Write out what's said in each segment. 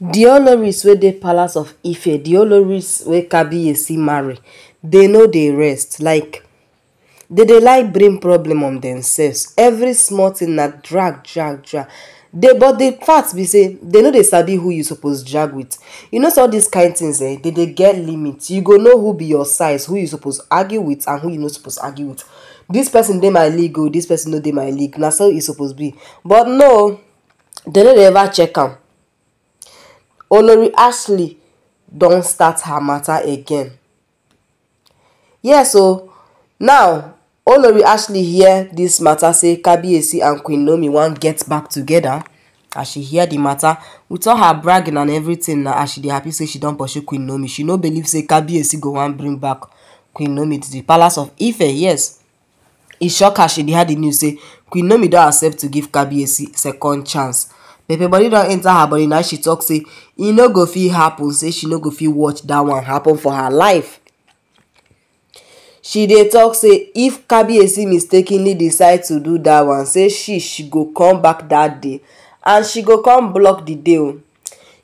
di oloris wey dey palace of ife di oloris wey kabiyesi marry dey no dey rest like dey dey like bring problem on themselves every small thing na drag drag drag dey but the fact be say dey no dey sabi who you suppose drag with you know say all these kind things eh dey dey get limit you go know who be your size who you suppose argue with and who you no suppose argue with this person dey my league oo oh, this person no dey my league na so e suppose be but no dey no dey ever check am Olori Ashley don start her matter again. Yes oo, now Olori Ashley hear dis matter say Kabiyesi and Queen Nomi wan get back together as she hear di matter with all her bragging and everything na as she dey happy say she don pursue Queen Nomi, she no believe say Kabiyesi go wan bring back Queen Nomi to di palace of Ife yes e shock her she dey hear di news say Queen Nomi don accept to give Kabiyesi second chance pepper body don enter her body Now she tok say e no go fit happen say she no go fit watch that one happen for her life she dey tok say if kabiyesi mistakenly decide to do that one say she she go come back that day and she go come block the deal oh.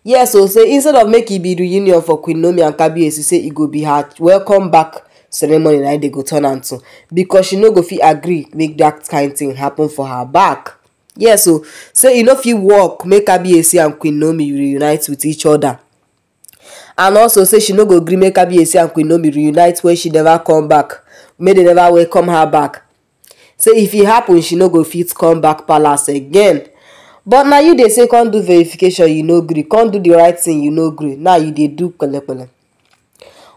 yes o oh, say instead of make e be reunion for queen nomi and kabiyesi say e go be her welcome back ceremony na dey go turn am to because she no go fit agree make that kind thing happen for her back yes o say e no fit work make kabiyesi and queen Nomi reunite with each other and also say she no go gree make kabiyesi and queen Nomi reunite when she never come back make dem never welcome her back say if e happen she no go fit come back palace again but na you dey say come do verification you no gree come do the right thing you no gree now you dey do kpelekpele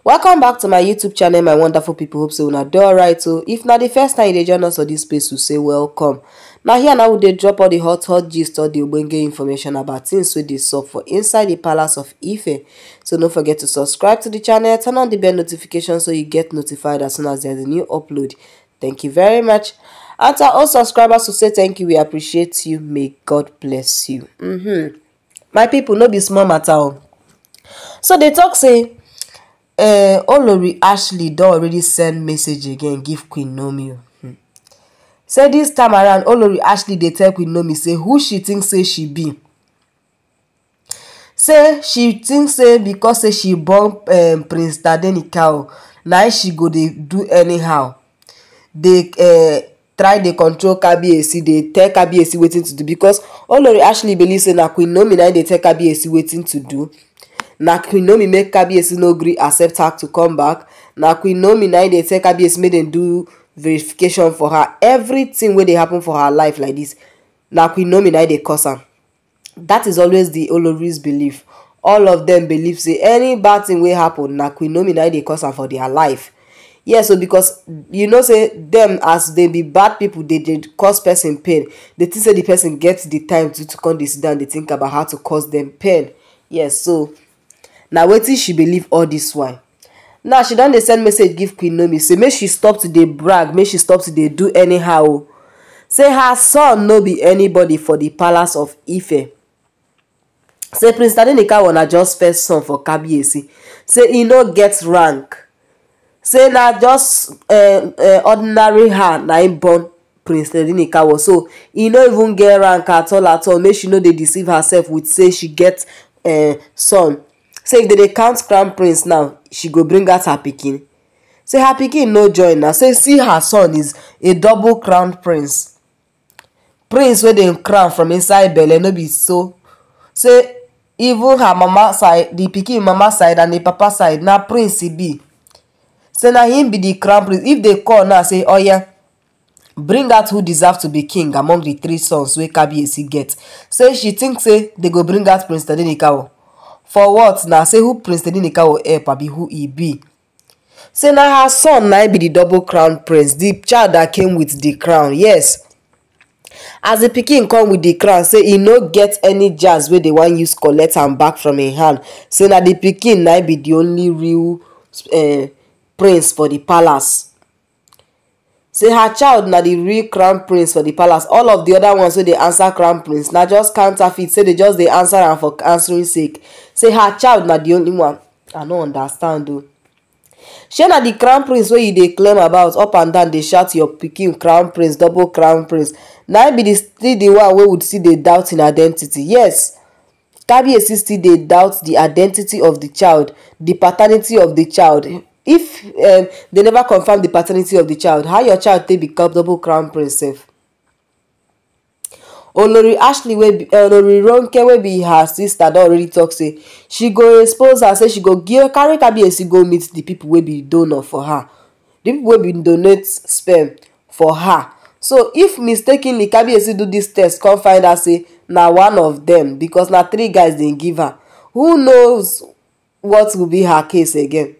welcome back to my youtube channel my wonderful people hope say una do alright So, if not the first time you join us on this space we say welcome Now here now we drop all the hot hot gist or di ogbonge information about things with dey sup for inside the palace of ife so don't forget to subscribe to the channel turn on the bell notification so you get notified as soon as there's a new upload thank you very much and to all subscribers who say thank you we appreciate you may god bless you mm -hmm. my people no be small matter oh. so they talk say Uh, olori ashley don already send message again give queen Nomi. Hmm. say this time around olori ashley they tell queen Nomi say who she thinks say she be say she thinks say because say she born um prince tadenika now she go dey do anyhow They uh eh, try they control kabiyesi They tell kabiyesi waiting to do because olori ashley believe say na queen Nomi now they dey tell kabiyesi wetin to do na queen naomi make kabiyesi no gree accept her to come back na queen naomi na e dey tell kabiyesi make dem do verification for her everything wey dey happen for her life like this na queen naomi na e dey cause am that is always the olori's belief all of them believe say any bad thing wey happen na queen naomi na e dey cause am for their life yes So because you know say them as they be bad people, they dey cause person pain dey think say the person get the time to to come dey sit down dey think about how to cause them pain yes so na wetin she believe all this? while now she don dey send message give queen nomi say make she stop to dey brag make she stop to dey do anyhow o say her son no be anybody for the palace of ife say prince tadenikawo na just first son for kabiyesi say e no get rank say na just eh, eh, ordinary her na im born prince tadenikawo so e no even get rank at all at all make she no dey deceive herself with say she get eh, son say if they dey count crown prince now she go bring out her pikin say her pikin no join now. say see her son is a double crown prince prince wey dem crown from inside belly no be so say even her mama side the pikin mama side and the papa side now prince e be say now him be the crown prince if they call now say oh yeah, bring out who deserve to be king among the three sons where wey kabiyesi get say she think say they go bring out prince tadenikawo for what na say who prince tedinika go help abi who he be say na her son na be the double crown prince The child that came with the crown yes as the pikin come with the crown say e no get any jazz wey dey wan use collect am back from im hand say na the pikin na be the only real uh, prince for the palace say her child na the real crown prince for the palace all of the other ones wey dey answer crown prince na just counterfeit say they just dey answer am for answering sake say her child na the only one i no understand o shey na the crown prince wey you dey claim about up and down dey shout your pikin crown prince double crown prince na im be still di one wey would still dey doubt im identity yes kabiyesi still dey doubt the identity of the child the paternity of the child if um, they never confirm the paternity of the child how your child take become double crown prince sef olori ashley wey be eh, olori ronke wey be her sister don already talk say she go expose her say she go give. carry kabiyesi go meet the people wey be donor for her the people wey bin donate sperm for her so if mistakenly kabiyesi do this test come find out say now one of them because now three guys didn't give her who knows what will be her case again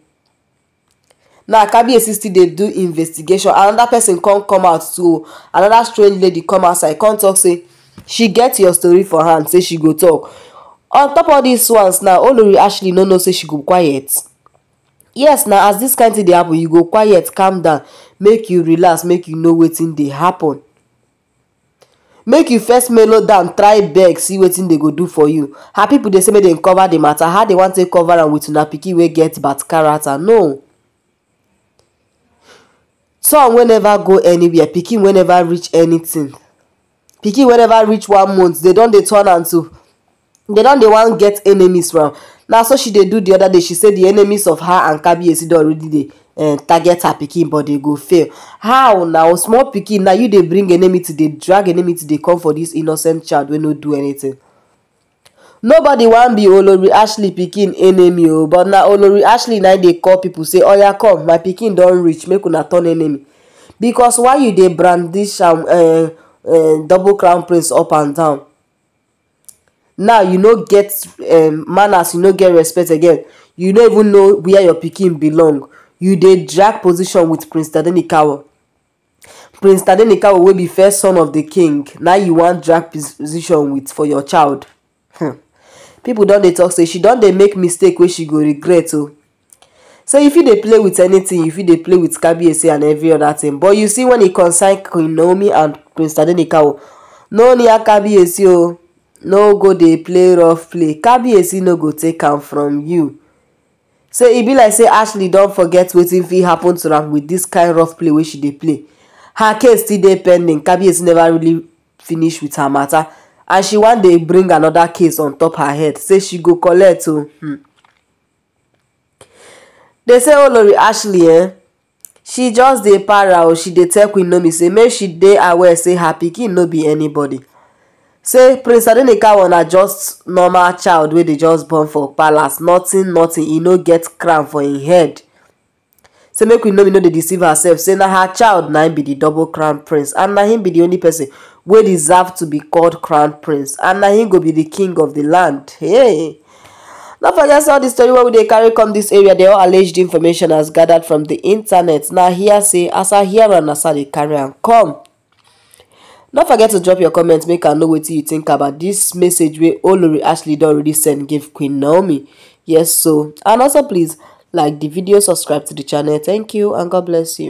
now kabiyesi still dey do investigation another person come come out too another strange lady come outside come talk say she get your story for hand say she go talk on top of dis ones now olori actually no know say she go quiet yes na as this kind tin dey happen you go quiet calm down make you relax make you know wetin dey happen make you first mellow down try beg see wetin dey go do for you her pipo dey say make dem cover di matter how dey wan take cover am with una pikin wey get bad character no son wey never go anywhere pikin wey never reach anything pikin wey never reach one month They don dey turn am to They don dey wan get enemies round na so she dey do the other day she say the enemies of her and kabiyesi don already dey um, target her pikin but they go fail how na small pikin na you dey bring enmity dey drag enmity dey come for this innocent child wey no do anything nobody wan be olori ashley pikin enemy o but na olori ashley na dey call pipo say oya come my pikin don reach make una turn enemy Because why you dey brandish am eh, eh, double crown prince up and down now you no get eh, manners you no get respect again you no even know where your pikin belong you dey drag position with prince tadenikawa prince tadenikawa wey be first son of the king na you wan drag position with for your child hmm. People don dey talk say she don dey make mistake wey she go regret oh. o say you fit dey play wit anytin you fit dey play with kabiyesi and every other thing, but you see when e concern queen naomi and prince tadenikawo oh, no near kabiyesi o oh, no go dey play rough play kabiyesi no go take am from you So e be like say ashley don forget wetin fit happen to am with this kind rough play wey she dey play her case still dey pending kabiyesi never really finish with her matter and she wan dey bring another case on top her head say she go collect o oh, hmm dey say olori oh, ashley eh she just dey para o oh, she dey tell queen nomi say make she dey aware say her pikin no be anybody say prince adenikawa na just normal child wey dey just born for palace nothing nothing e no get crown for im head say make we no be no deceive ourselves say na her child na be the double crown prince and na him be the only person we deserve to be called crown prince and na him go be the king of the land hey for forget all the story where they carry come this area They all alleged information as gathered from the internet na hearsay as i hear and as i carry am come. Not forget to drop your comments. make i know what you think about this message wey olori ashley not really send give queen naomi yes so and also please like the video subscribe to the channel thank you and god bless you